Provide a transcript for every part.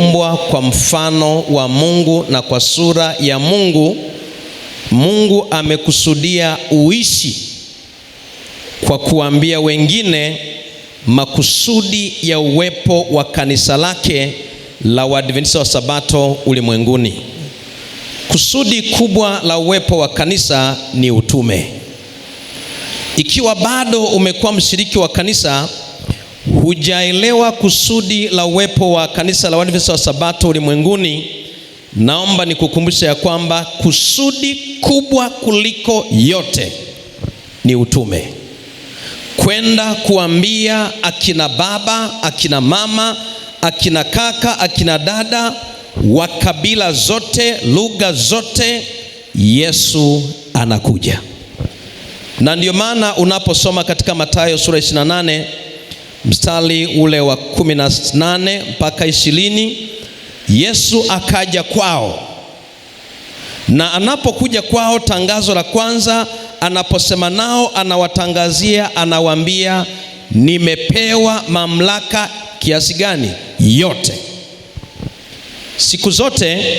umbwa kwa mfano wa Mungu na kwa sura ya Mungu. Mungu amekusudia uishi kwa kuambia wengine makusudi ya uwepo wa kanisa lake la Waadventista wa Sabato ulimwenguni. Kusudi kubwa la uwepo wa kanisa ni utume. Ikiwa bado umekuwa mshiriki wa kanisa hujaelewa kusudi la uwepo wa kanisa la Waadventista wa Sabato ulimwenguni, naomba nikukumbusha ya kwamba kusudi kubwa kuliko yote ni utume, kwenda kuambia akina baba, akina mama, akina kaka, akina dada wa kabila zote, lugha zote, Yesu anakuja. Na ndio maana unaposoma katika Mathayo sura 28 mstari ule wa kumi na nane mpaka ishirini Yesu akaja kwao, na anapokuja kwao, tangazo la kwanza anaposema nao, anawatangazia anawaambia, nimepewa mamlaka kiasi gani? Yote. Siku zote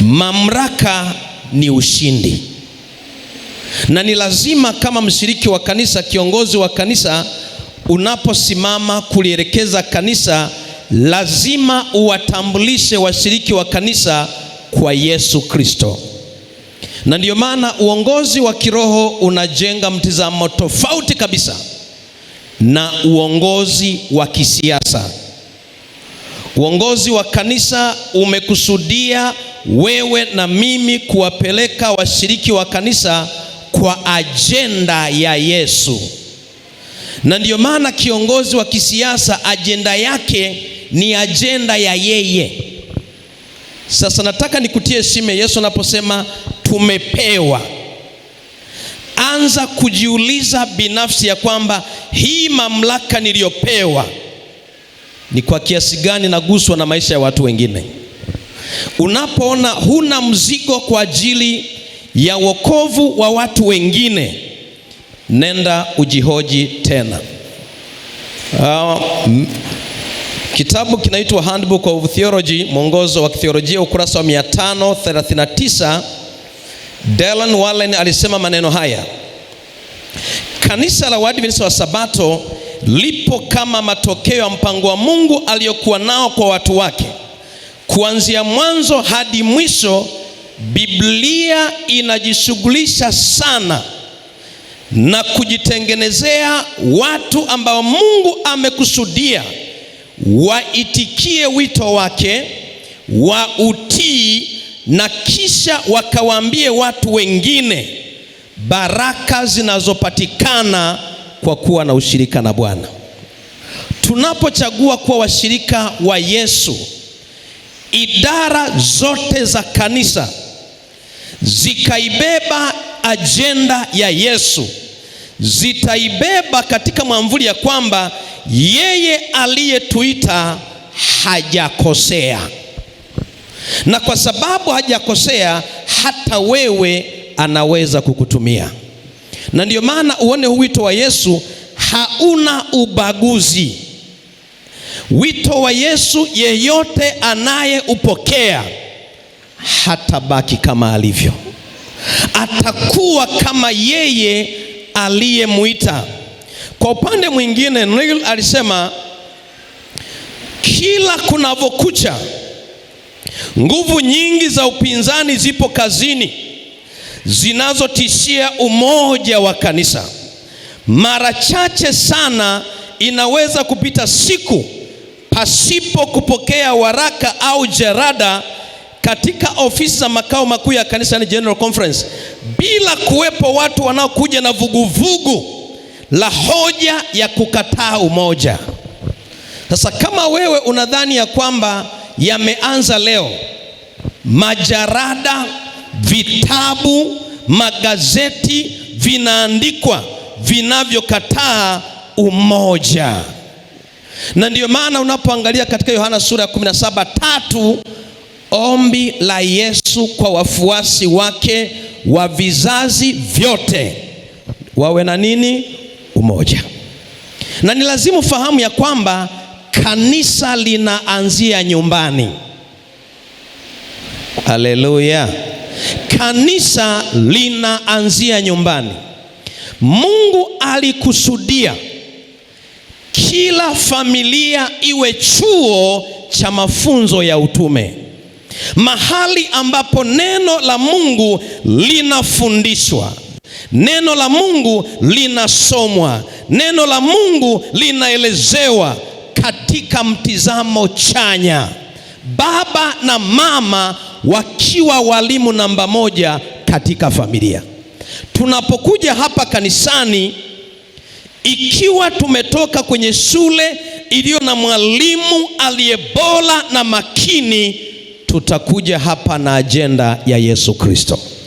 mamlaka ni ushindi, na ni lazima kama mshiriki wa kanisa, kiongozi wa kanisa unaposimama kulielekeza kanisa, lazima uwatambulishe washiriki wa kanisa kwa Yesu Kristo. Na ndiyo maana uongozi wa kiroho unajenga mtizamo tofauti kabisa na uongozi wa kisiasa. Uongozi wa kanisa umekusudia wewe na mimi kuwapeleka washiriki wa kanisa kwa ajenda ya Yesu na ndiyo maana kiongozi wa kisiasa ajenda yake ni ajenda ya yeye. Sasa nataka nikutie shime, Yesu anaposema tumepewa. Anza kujiuliza binafsi ya kwamba hii mamlaka niliyopewa ni kwa kiasi gani naguswa na maisha ya watu wengine. Unapoona huna mzigo kwa ajili ya wokovu wa watu wengine nenda ujihoji tena. Uh, kitabu kinaitwa Handbook of Theology, mwongozo wa kitheolojia, ukurasa wa 539, Dylan Warren alisema maneno haya: Kanisa la Waadventista wa Sabato lipo kama matokeo ya mpango wa Mungu aliyokuwa nao kwa watu wake. Kuanzia mwanzo hadi mwisho, Biblia inajishughulisha sana na kujitengenezea watu ambao Mungu amekusudia waitikie wito wake wa utii, na kisha wakawaambie watu wengine baraka zinazopatikana kwa kuwa na ushirika na Bwana. Tunapochagua kuwa washirika wa Yesu, idara zote za kanisa zikaibeba ajenda ya Yesu zitaibeba katika mwamvuli ya kwamba yeye aliyetuita hajakosea, na kwa sababu hajakosea, hata wewe anaweza kukutumia. Na ndiyo maana uone huu wito wa Yesu hauna ubaguzi. Wito wa Yesu, yeyote anayeupokea hatabaki kama alivyo atakuwa kama yeye aliyemwita. Kwa upande mwingine, Neil alisema kila kunavyokucha nguvu nyingi za upinzani zipo kazini, zinazotishia umoja wa kanisa. Mara chache sana inaweza kupita siku pasipo kupokea waraka au jarada katika ofisi za makao makuu ya kanisa ni General Conference, bila kuwepo watu wanaokuja na vuguvugu vugu la hoja ya kukataa umoja. Sasa kama wewe unadhani ya kwamba yameanza leo, majarada, vitabu, magazeti vinaandikwa vinavyokataa umoja, na ndiyo maana unapoangalia katika Yohana sura ya 17 tatu Ombi la Yesu kwa wafuasi wake wa vizazi vyote wawe na nini? Umoja. Na ni lazima ufahamu ya kwamba kanisa linaanzia nyumbani. Haleluya! Kanisa linaanzia nyumbani. Mungu alikusudia kila familia iwe chuo cha mafunzo ya utume mahali ambapo neno la Mungu linafundishwa, neno la Mungu linasomwa, neno la Mungu linaelezewa katika mtizamo chanya. Baba na mama wakiwa walimu namba moja katika familia. Tunapokuja hapa kanisani, ikiwa tumetoka kwenye shule iliyo na mwalimu aliye bora na makini tutakuja hapa na ajenda ya Yesu Kristo.